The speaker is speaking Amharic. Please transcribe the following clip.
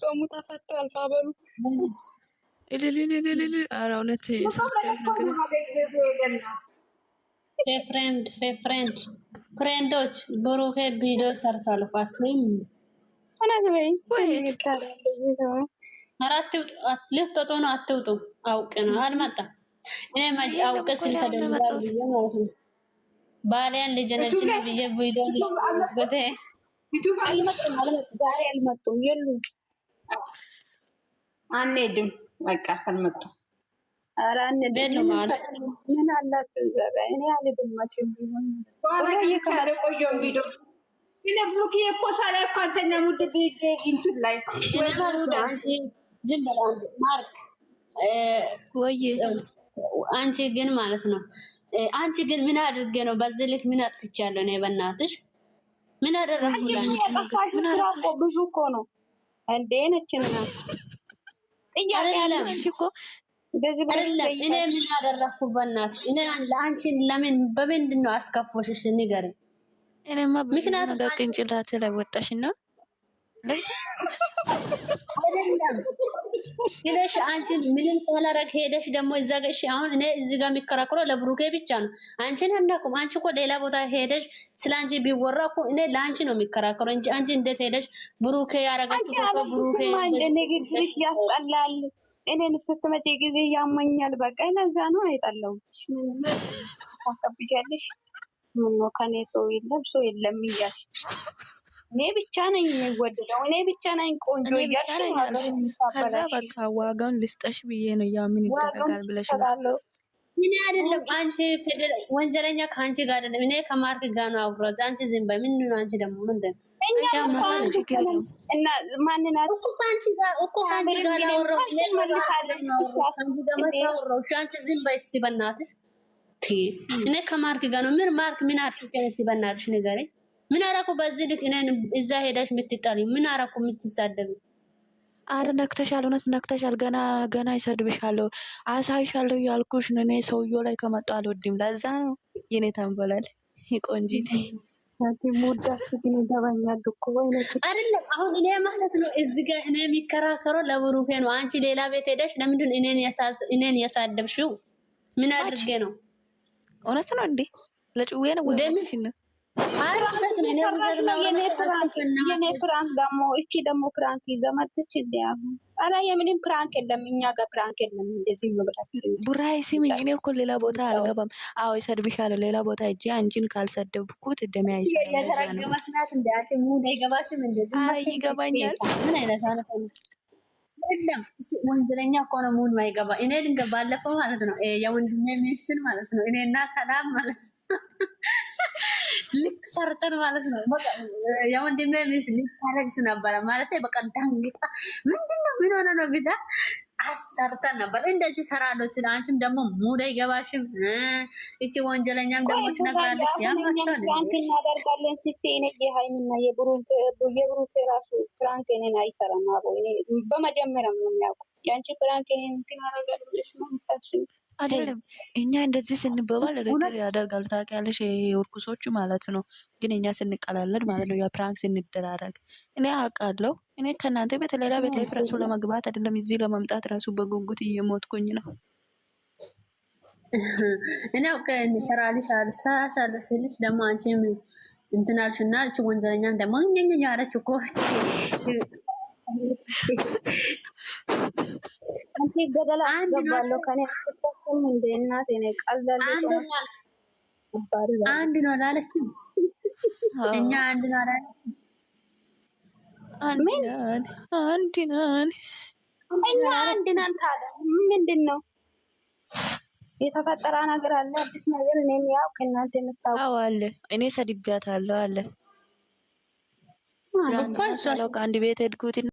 ጾሙ ተፈቷል። ፋበሉ እልልልልልል ኧረ እውነት ፍሬንድ ፍሬንድ ፍሬንዶች ብሩኬ ቪዲዮ ሰርቷል እኮ አትይም ኧረ አትውጡ፣ ልትወጡ ነው። አትውጡ። አውቄ ነው አልመጣም። እኔ አውቄ ስል ተደምሯል ብዬ ማለት ነው። ባሊያን ልጅ ነች ብዬ ቪዲዮ ዛሬ አልመጡም የሉም አንሄድም። በቃ ካልመጡ ምን አላቸው እኔ ብሩክ እኮ ሳላይ እኮ ሙድ እንትን ላይ ዝም ማርክ ወይ አንቺ ግን ማለት ነው አንቺ ግን ምን አድርገ ነው በዚህ ልክ ምን አጥፍቻለሁ? እኔ በእናትሽ ምን አደረግኩ? ብዙ እኮ ነው እንዴ ነችን ጥያቄ ያለች እኮ እኔ ምን አደረግኩ? በእናትሽ እኔ ለአንቺን ለምን በምንድን ነው አስከፎሽሽ? ንገሪኝ። እኔማ ምክንያቱም ቅንጭላት ላይ ወጣሽና አይደለም ስለሽ አንቺ ምንም ሳላረግ ሄደሽ ደግሞ እዛ ጋ እሺ፣ አሁን እኔ እዚህ ጋ የሚከራከረው ለብሩኬ ብቻ ነው። አንቺን አናውቅም። አንቺ እኮ ሌላ ቦታ ሄደሽ ስለ አንቺ ቢወራ እኮ እኔ ለአንቺ ነው የሚከራከረው እንጂ አንቺ እንዴት ሄደሽ ብሩኬ ያረጋችሁ ፎቶ ብሩኬ ንግግርሽ ያስጠላል። እኔን ስትመጪ ጊዜ ያመኛል። በቃ ነዛ ነው አይጠላውም። ምን ምኖ ከኔ ሰው የለም ሰው የለም እያልሽ እኔ ብቻ ነኝ የሚወደደው፣ እኔ ብቻ ነኝ ቆንጆ እያልሽ ከዛ በቃ ዋጋውን ልስጠሽ ብዬ ነው። ያው ምን ይደረጋል ብለሽ ምን አይደለም አንቺ ወንጀለኛ ከአንቺ ጋር አይደለም። እኔ ከማርክ ጋር ነው አብሮ። አንቺ ዝም በይ። ምን ነው አንቺ ደግሞ ምንድን እኔ ከማርክ ጋር ነው። ምን ማርክ ምን አድርጌ ነው? እስኪ በእናትሽ ንገረኝ። ምን አረኩ? በዚህ ልክ እኔን እዛ ሄዳሽ የምትጣል ምን አረኩ? የምትሳደብ አረ ነክተሻል፣ እውነት ነክተሻል። ገና ገና ይሰድብሻለሁ፣ አሳይሻለሁ ያልኩሽ እኔ ሰውዬው ላይ ከመጡ አልወድም። ለዛ ነው የኔ ተንበላል ቆንጂት አይደለም አሁን እኔ ማለት ነው እዚ ጋ እኔ የሚከራከረው ለብሩኬ ነው። አንቺ ሌላ ቤት ሄደሽ ለምንድን እኔን ያሳደብሽው? ምን አድርጌ ነው? እውነት ነው እንዴ? ለጭዌ ነው ወይ ነው የኔ ፕራንክ ደግሞ እቺ ደግሞ ፕራንክ ይዘመጥች እንዲያሉ አላ የምንም ፕራንክ የለም፣ እኛ ጋር ፕራንክ የለም። እንደዚህ ቡራዬ ስሚኝ፣ እኔ እኮ ሌላ ቦታ አልገባም። አዎ ይሰድብሻለሁ። ሌላ ቦታ እጄ አንቺን ካልሰደብኩት ደሜ ይገባኛል። ወንጀለኛ እኮ ነው። ሙን ማይገባ እኔ ድንገ ባለፈው ማለት ነው የወንድሜ ሚስትን ማለት ነው እኔና ሰላም ማለት ነው ልክ ሰርጠን ማለት ነው። የወንድሜ ሚስት ልታረግዝ ነበረ ማለት በቃ ዳንግጣ ምንድነው ምን ሆነ ነው ግዳ አሰርተን ነበር። እንደዚህ ሰራለች። አንቺም ደግሞ ሙድ አይገባሽም። እቺ ወንጀለኛም ደግሞ ትነግራለች። ያማቸዋል እናደርጋለን ስትይ እኔ የሀይሚና የብሩክ ራሱ ፍራንክ እኔን አይሰራም። በመጀመሪያም ነው የሚያውቁ የአንቺ ፍራንክ እኔን ትናረጋለች ነው ምታስብ አይደለም እኛ እንደዚህ ስንበባል ርግር ያደርጋሉ። ታውቂያለሽ፣ የውርኩሶቹ ማለት ነው። ግን እኛ ስንቀላለድ ማለት ነው፣ የፕራንክ ስንደራረግ እኔ አውቃለሁ። እኔ ከእናንተ ቤት ሌላ ቤት ላይ ፍረሱ ለመግባት አይደለም እዚህ ለመምጣት ራሱ በጉጉት እየሞትኩኝ ነው። እኔ አውቄ ሰራልሽ እሰራሻለሁ ስልሽ ደግሞ አንቺም እንትን አልሽና እች ወንጀለኛም ደግሞ እኛኛ ያለች እኮ ገደላ ገባለሁ ከኔ እናቴ አንድ ነው አላለችም። እኛ አንድ ነው አላለችም። አንድ ነን እኛ አንድ ነን። ታዲያ ምንድን ነው የተፈጠረ ነገር አለ? አዲስ ነገር የምታውቁ አለ። እኔ ሰድቢያታለሁ አለ እኮ አንድ ቤት ሄድኩት